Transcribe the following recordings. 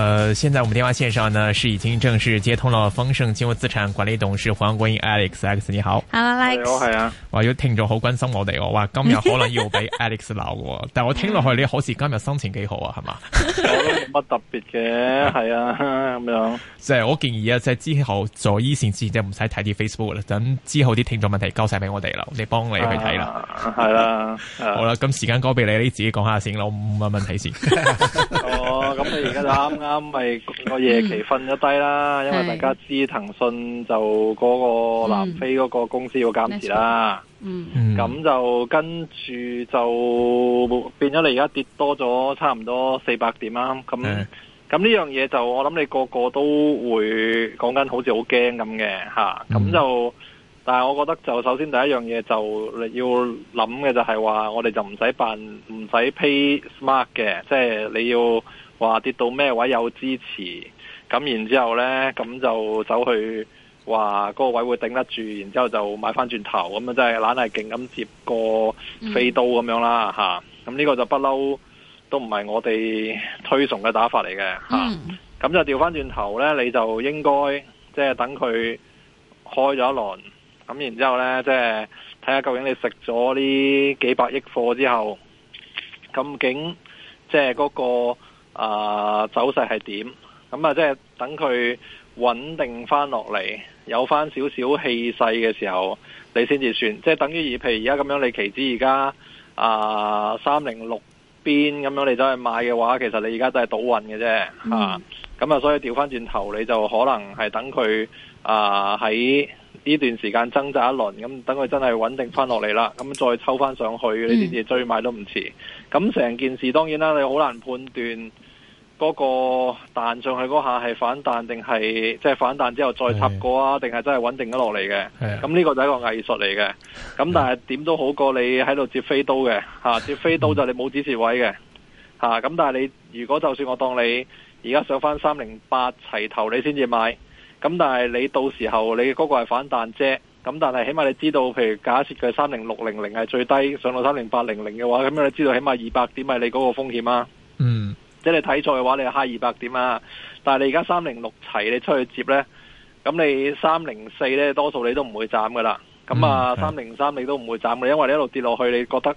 誒、呃，現在我們電話線上呢，是已經正式接通了豐盛金融資產管理董事黃國英 Alex，Alex 你好，Hello Alex 我有聽眾好關心我哋，我話今日可能要俾 Alex 鬧， 但係我聽落去你好似今日心情幾好 是 是啊，係嘛？冇乜特別嘅，係啊咁樣。即係我建議啊，即係之後在醫線之前就唔使睇啲 Facebook 啦，等之後啲聽眾問題交晒俾我哋啦，我哋幫你去睇啦，係、uh, 啦 ，uh, 好啦，咁、uh. 時間交俾你，你自己講下先啦，我問問題先。 哦，咁你而家就啱啱咪個夜期瞓咗低啦、嗯，因為大家知騰訊就嗰個南非嗰個公司要減持啦，嗯，咁就跟住就變咗你而家跌多咗差唔多四百點啦。咁咁呢樣嘢就我諗你個個都會講緊，好似好驚咁嘅吓，咁就。嗯但係我覺得就首先第一樣嘢就，要就，就，就你要諗嘅就係話我哋就唔使辦唔使 pay smart 嘅，即係你要話跌到咩位有支持，咁然之後咧咁就走去話嗰個位會頂得住，然之後就買返轉頭，咁啊真係懶係勁咁接個飛刀咁樣啦吓，咁、嗯、呢個就不嬲都唔係我哋推崇嘅打法嚟嘅吓，咁、嗯啊、就調返轉頭咧，你就應該即係等佢開咗一輪。咁然之後呢，即係睇下究竟你食咗呢幾百億貨之後，究竟即係嗰個啊、呃、走勢係點？咁、嗯、啊，即、就、係、是、等佢穩定翻落嚟，有翻少少氣勢嘅時候，你先至算。即、就、係、是、等於而譬如而家咁樣，你期指而家啊三零六邊咁樣，你走去買嘅話，其實你而家都係倒運嘅啫。吓、嗯，咁啊，所以調翻轉頭，你就可能係等佢啊喺。呃呢段時間掙扎一輪，咁等佢真係穩定返落嚟啦，咁再抽返上去，呢啲嘢追買都唔遲。咁、嗯、成件事當然啦，你好難判斷嗰個彈上去嗰下係反彈定係即係反彈之後再插過啊，定係真係穩定咗落嚟嘅。咁呢個就係一個藝術嚟嘅。咁但係點都好過你喺度接飛刀嘅、啊、接飛刀就你冇指示位嘅嚇。咁、啊、但係你如果就算我當你而家上返三零八齊頭，你先至買。咁但係你到時候你嗰個係反彈啫。咁但係起碼你知道，譬如假設佢三零六零零係最低上到三零八零零嘅話，咁樣你知道起碼二百點係你嗰個風險啊。嗯，即係你睇錯嘅話，你下二百點啊。但係你而家三零六齊，你出去接呢，咁你三零四呢，多數你都唔會斬噶啦。咁、嗯、啊，三零三你都唔會斬，因為你一路跌落去，你覺得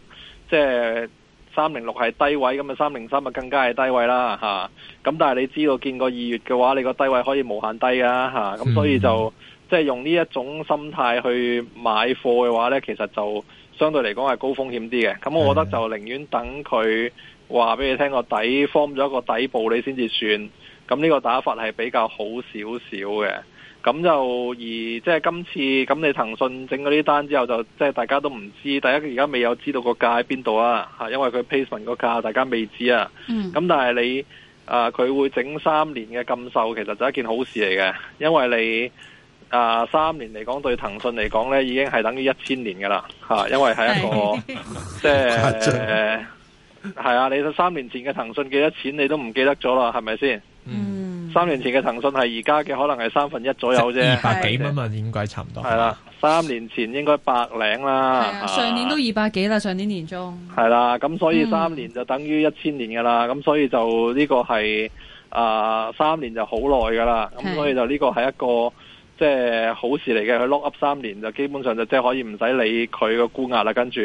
即係。就是三零六係低位咁啊，三零三啊更加係低位啦嚇。咁但係你知道見過二月嘅話，你個低位可以無限低㗎。嚇、嗯。咁所以就即係用呢一種心態去買貨嘅話呢其實就相對嚟講係高風險啲嘅。咁我覺得就寧願等佢話俾你聽個底，form 咗個底部你先至算。咁、這、呢個打法係比較好少少嘅。咁就而即係今次咁，你騰訊整嗰啲單之後就，就即係大家都唔知，第一而家未有知道個價喺邊度啊。吓，因為佢 placement 個價大家未知啊。咁、嗯、但係你啊，佢、呃、會整三年嘅禁售，其實就一件好事嚟嘅，因為你啊、呃、三年嚟講對騰訊嚟講咧，已經係等於一千年嘅啦，吓，因為係一個即係係啊！你三年前嘅騰訊幾多錢，你都唔記得咗啦，係咪先？嗯。三年前嘅騰訊係而家嘅可能係三分一左右啫，百幾蚊嘛，應該差唔多。係啦，三年前應該百零啦。上年都二百幾啦，啊、上年年中。係啦，咁所以三年就等於一千年噶啦。咁、嗯、所以就呢個係啊、呃、三年就好耐噶啦。咁所以就呢個係一個即係、就是、好事嚟嘅。佢 lock up 三年就基本上就即係可以唔使理佢個估額啦。跟住。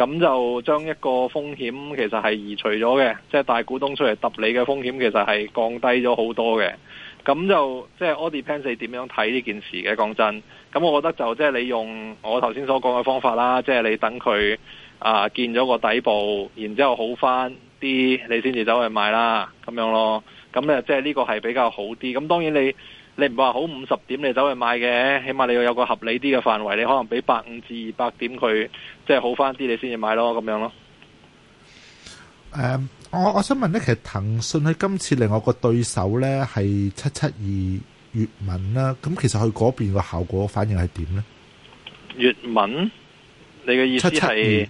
咁就將一個風險其實係移除咗嘅，即係大股東出嚟揼你嘅風險其實係降低咗好多嘅。咁就即係 all depends 你點樣睇呢件事嘅。講真，咁我覺得就即係、就是、你用我頭先所講嘅方法啦，即、就、係、是、你等佢啊見咗個底部，然之後好翻啲，你先至走去買啦咁樣咯。咁咧即係呢個係比較好啲。咁當然你。你唔話好五十點你走去買嘅，起碼你要有個合理啲嘅範圍，你可能俾百五至二百點佢，即係好翻啲你先至買咯，咁樣咯。誒、嗯，我我想問咧，其實騰訊佢今次另外個對手咧係七七二粵文啦、啊，咁其實佢嗰邊個效果反應係點咧？粵文，你嘅意思係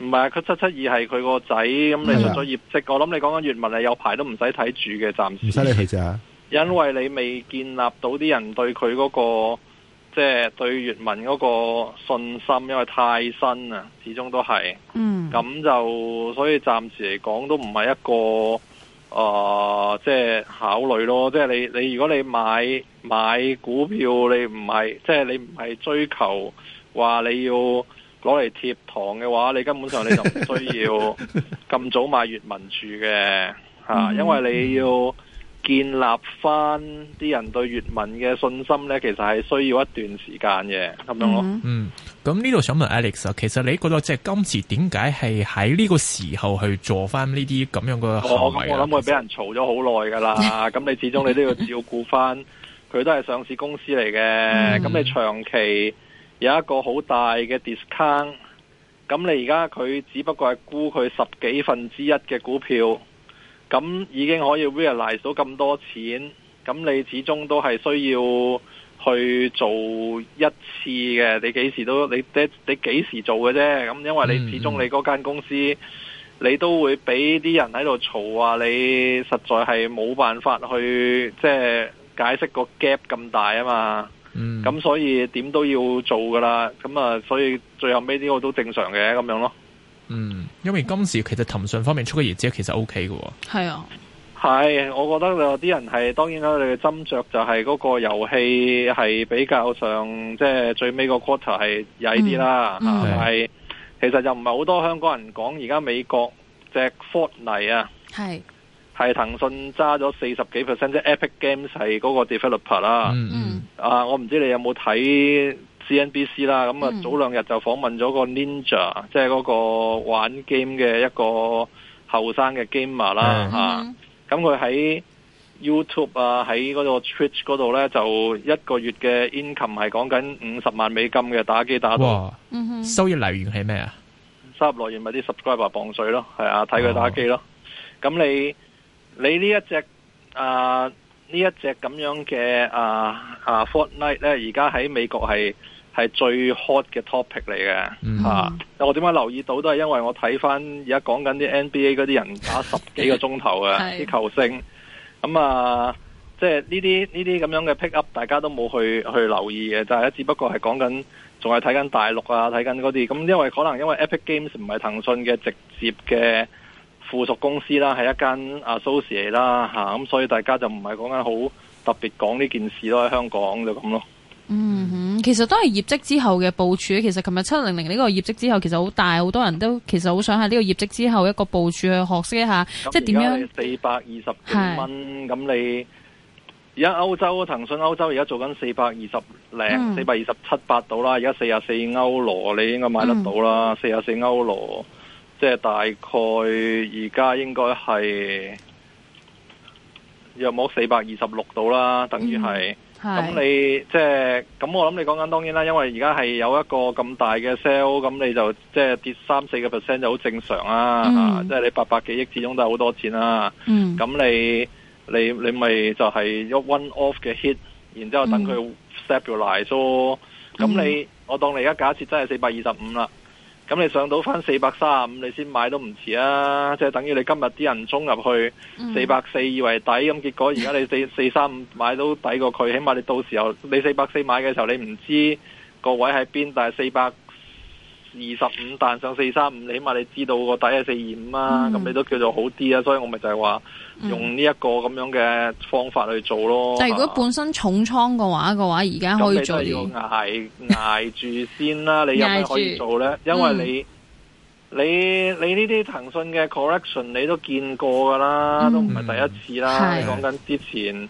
唔係啊？佢七七二係佢個仔，咁、啊、你出咗業績、啊，我諗你講緊粵文係有排都唔使睇住嘅，暫時唔使理佢咋。因為你未建立到啲人對佢嗰、那個，即、就、係、是、對粵文嗰個信心，因為太新啦，始終都係，咁、嗯、就所以暫時嚟講都唔係一個，誒、呃，即、就、係、是、考慮咯。即係你你如果你買買股票，你唔係即係你唔係追求話你要攞嚟貼堂嘅話，你根本上你就唔需要咁早買粵文住嘅吓、嗯啊，因為你要。建立翻啲人對粵文嘅信心呢，其實係需要一段時間嘅，咁樣咯。Mm -hmm. 嗯，咁呢度想問 Alex 其實你覺得即係今次點解係喺呢個時候去做翻呢啲咁樣嘅行為、哦、我諗會畀會俾人嘈咗好耐噶啦。咁、yeah. 你始終你都要照顧翻，佢 都係上市公司嚟嘅。咁、mm -hmm. 你長期有一個好大嘅 discount，咁你而家佢只不過係沽佢十幾分之一嘅股票。咁已經可以 realize 到咁多錢，咁你始終都係需要去做一次嘅。你幾時都你你幾時做嘅啫？咁因為你始終你嗰間公司，你都會俾啲人喺度嘈話你，實在係冇辦法去即係解釋個 gap 咁大啊嘛。咁所以點都要做噶啦。咁啊，所以最後尾呢個都正常嘅咁樣咯。嗯。因為今時其實騰訊方面出嘅業績其實 O K 嘅，係啊，係、啊，我覺得有啲人係，當然啦，你嘅斟酌就係嗰個遊戲係比較上即係、就是、最尾個 quarter 係曳啲啦吓，係、嗯嗯，其實就唔係好多香港人講而家美國隻 Fortnite 啊，係，係騰訊揸咗四十幾 percent，即 Epic Games 係嗰個 developer 啦，嗯嗯，啊，我唔知你有冇睇。CNBC 啦，咁啊早兩日就訪問咗個 Ninja，即係嗰個玩 game 嘅一個後生嘅 gamer 啦，吓、mm -hmm.，咁佢喺 YouTube 啊，喺嗰個 Twitch 嗰度咧，就一個月嘅 income 係講緊五十萬美金嘅打機打到，收益來源係咩啊？收入來源咪啲 subscriber 磅水咯，係啊，睇佢打機咯。咁、oh. 你你一隻、啊一隻啊啊 Fortnite、呢一隻啊呢一隻咁樣嘅啊啊 Fortnite 咧，而家喺美國係。係最 hot 嘅 topic 嚟嘅，吓、mm -hmm. 啊！我點解留意到都係因為我睇翻而家講緊啲 NBA 嗰啲人打十幾個鐘頭嘅啲球星，咁、嗯、啊，即係呢啲呢啲咁樣嘅 pick up，大家都冇去去留意嘅，就係只不過係講緊，仲係睇緊大陸啊，睇緊嗰啲，咁、嗯、因為可能因為 Epic Games 唔係騰訊嘅直接嘅附屬公司啦，係一間啊 social 啦吓，咁所以大家就唔係講緊好特別講呢件事在這咯，喺香港就咁咯。嗯哼，其實都係業績之後嘅部署。其實琴日七零零呢個業績之後，其實好大，好多人都其實好想喺呢個業績之後一個部署去學識一下，即係點樣。四百二十幾蚊咁你現在歐，而家歐洲騰訊歐洲而家做緊四百二十零，四百二十七八度啦。而家四十四歐羅你應該買得到啦，四十四歐羅，即係、就是、大概而家應該係有冇四百二十六度啦，等於係。嗯咁你即係咁我諗你講緊當然啦，因為而家係有一個咁大嘅 sale，咁你就即係、就是、跌三四個 percent 就好正常啦吓，即、嗯、係、啊就是、你八百幾億始終都係好多錢啦。咁、嗯、你你你咪就係一 one off 嘅 hit，然之後等佢 stabilize 咯、嗯。咁、so, 你、嗯、我當你而家假設真係四百二十五啦。咁你上到翻四百三十五，你先買都唔遲啊！即係等於你今日啲人衝入去四百四以為抵，咁結果而家你四四三五買都抵過佢，起碼你到時候你四百四買嘅時候，你唔知個位喺邊，但係四百二十五彈上四三五，你起碼你知道個底係四二五啊，咁你都叫做好啲啊，所以我咪就係話用呢一個咁樣嘅方法去做咯、嗯。但係如果本身重倉嘅話嘅話，而家可, 可以做呢？係挨住先啦，你又咪可以做咧？因為你你你呢啲騰訊嘅 correction 你都見過噶啦，嗯、都唔係第一次啦。你講緊之前。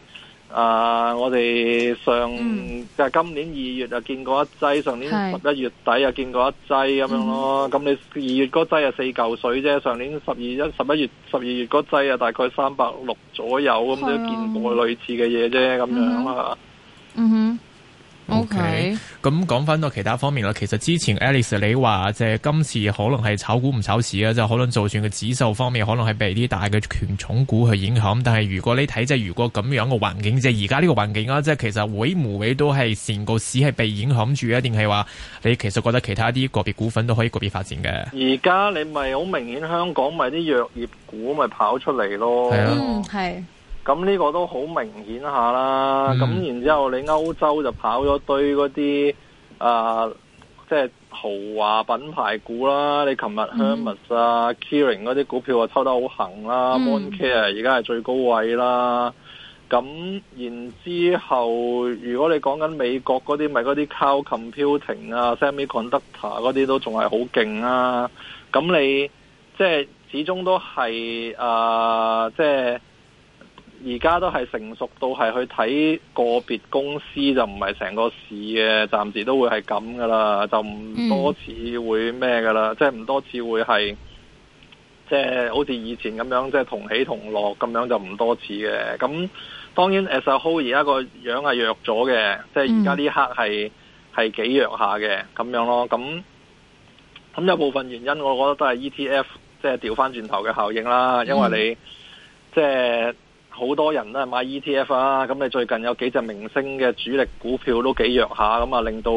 啊、呃！我哋上即係、嗯、今年二月就見過一劑，上年十一月底又見過一劑咁樣咯。咁你二月嗰劑啊，四嚿水啫，上年十二一十一月十二月嗰劑啊，大概三百六左右，咁你都見過類似嘅嘢啫，咁、啊、樣啦。嗯哼。嗯哼。O K，咁講翻到其他方面啦。其實之前 Alice 你話即係今次可能係炒股唔炒市啊，即可能就算嘅指數方面可能係被啲大嘅權重股去影響。但係如果你睇即係如果咁樣嘅環境即係而家呢個環境啊，即係其實會唔會都係成個市係被影響住啊？定係話你其實覺得其他啲個別股份都可以個別發展嘅？而家你咪好明顯香港咪啲藥業股咪跑出嚟咯？啊，嗯，係。咁呢個都好明顯下啦，咁、嗯、然之後你歐洲就跑咗堆嗰啲啊，即、呃、係、就是、豪華品牌股啦。你琴日 Hermes 啊、嗯、Kering 嗰啲股票啊，抽得好行啦。Moncler 而家係最高位啦。咁然之後，如果你講緊美國嗰啲，咪嗰啲 Cloud Computing 啊、Semiconductor 嗰啲都仲係好勁啊。咁你即係、就是、始終都係啊，即、呃、係。就是而家都係成熟到係去睇個別公司就唔係成個市嘅，暫時都會係咁噶啦，就唔多次會咩噶啦，即係唔多次會係即係好似以前咁樣，即、就、係、是、同起同落咁樣就唔多次嘅。咁當然 as a whole 而家個樣係弱咗嘅，即係而家呢刻係係、嗯、幾弱下嘅咁樣咯。咁咁有部分原因，我覺得都係 ETF 即係調翻轉頭嘅效應啦，因為你、嗯、即係。好多人啦，買 ETF 啊，咁你最近有幾隻明星嘅主力股票都幾弱下，咁啊令到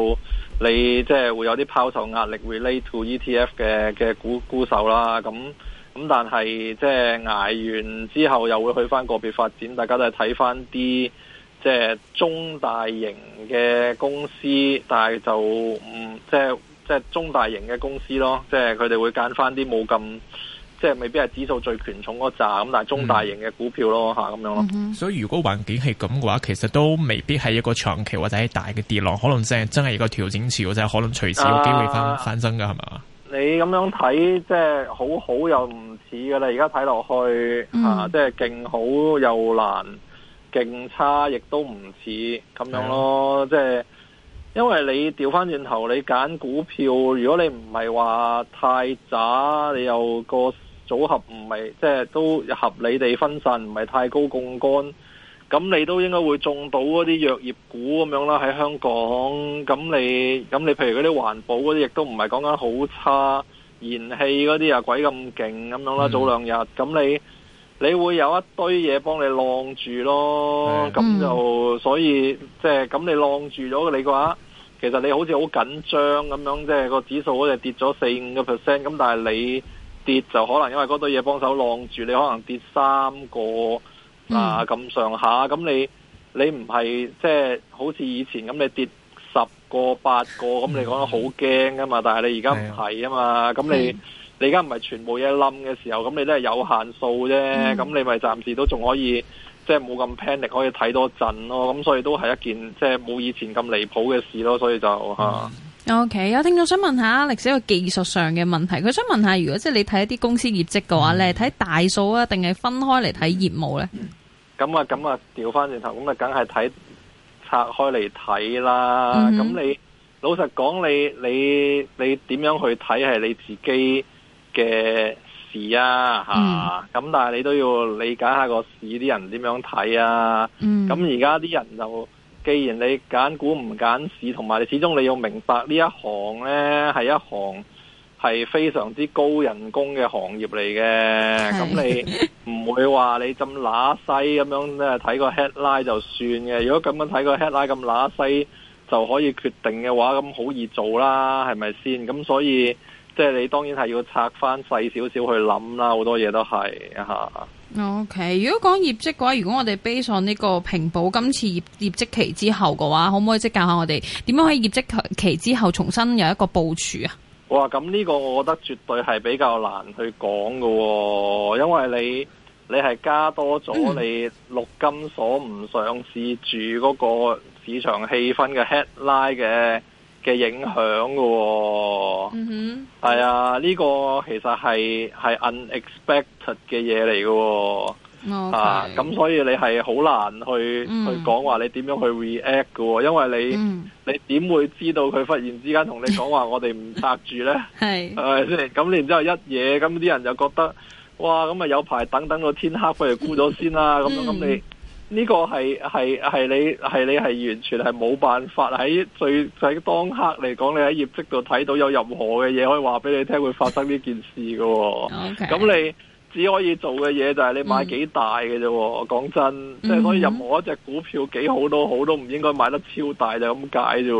你即係、就是、會有啲拋售壓力，會累到 ETF 嘅嘅股股沽售啦，咁咁但係即係捱完之後又會去翻個別發展，大家都係睇翻啲即係中大型嘅公司，但係就唔即係即係中大型嘅公司咯，即係佢哋會揀翻啲冇咁。即係未必係指數最權重嗰扎，咁但係中大型嘅股票咯吓，咁、嗯、樣咯。所以如果環境係咁嘅話，其實都未必係一個長期或者係大嘅跌浪，可能是真係真係一個調整潮，就係可能隨時有機會翻翻生噶係嘛？你咁樣睇，即係好好又唔似噶啦，而家睇落去嚇、嗯啊，即係勁好又難，勁差亦都唔似咁樣咯。即係因為你調翻轉頭，你揀股票，如果你唔係話太渣，你又個。組合唔係即係都合理地分散，唔係太高槓桿。咁你都應該會中到嗰啲藥業股咁樣啦，喺香港。咁你咁你譬如嗰啲環保嗰啲，亦都唔係講緊好差。燃氣嗰啲啊鬼咁勁咁樣啦，早兩日。咁、mm. 你你會有一堆嘢幫你晾住咯。咁、mm. 就所以即係咁你晾住咗你嘅話，其實你好似好緊張咁樣，即係個指數好似跌咗四五個 percent。咁但係你跌就可能因為嗰堆嘢幫手晾住，你可能跌三個、嗯、啊咁上下，咁你你唔係即係好似以前咁，你跌十個八個，咁你講得好驚㗎嘛？嗯、但係你而家唔係啊嘛，咁你、嗯、你而家唔係全部嘢冧嘅時候，咁你都係有限數啫，咁、嗯、你咪暫時都仲可以即係冇咁 panic，可以睇多陣咯，咁所以都係一件即係冇以前咁離譜嘅事咯，所以就吓。嗯 OK，有聽眾想問下歷史一個技術上嘅問題，佢想問下，如果即係你睇一啲公司業績嘅話咧，睇、嗯、大數啊，定係分開嚟睇業務咧？咁、嗯、啊，咁啊，調翻轉頭，咁啊，梗係睇拆開嚟睇啦。咁、嗯、你老實講，你你你點樣去睇係你自己嘅事啊？吓、嗯，咁、啊、但係你都要理解下個市啲人點樣睇啊？咁而家啲人就。既然你揀股唔揀市，同埋你始終你要明白呢一行呢，係一行係非常之高人工嘅行業嚟嘅，咁你唔會話你咁乸西咁樣咧睇個 headline 就算嘅。如果咁樣睇個 headline 咁乸西就可以決定嘅話，咁好易做啦，係咪先？咁所以即係、就是、你當然係要拆返細少少去諗啦，好多嘢都係吓。O、okay, K，如果講業績嘅話，如果我哋 base 上呢個平保今次業業績期之後嘅話，可唔可以即教下我哋點樣喺業績期之後重新有一個部署啊？哇，咁呢個我覺得絕對係比較難去講嘅、哦，因為你你係加多咗你陸金所唔上市住嗰個市場氣氛嘅 headline 嘅。嘅影響嘅喎、哦，係啊，呢個其實係係 unexpected 嘅嘢嚟嘅喎，okay，啊，咁所以你係好難去、mm -hmm. 去講話你點樣去 react 嘅喎、哦，因為你、mm -hmm. 你點會知道佢忽然之間同你講話我哋唔搭住咧？係咪先？咁、啊、你然之後一嘢，咁啲人就覺得哇，咁咪有排等等個天黑不、mm -hmm. 如沽咗先啦，咁樣咁你。呢個係係係你係你係完全係冇辦法，喺最喺當刻嚟講，你喺業績度睇到有任何嘅嘢可以話俾你聽會發生呢件事嘅。咁、okay. 你只可以做嘅嘢就係你買幾大嘅啫。講、mm. 真，即係所以任何一隻股票幾好都好，都唔應該買得超大就咁解啫。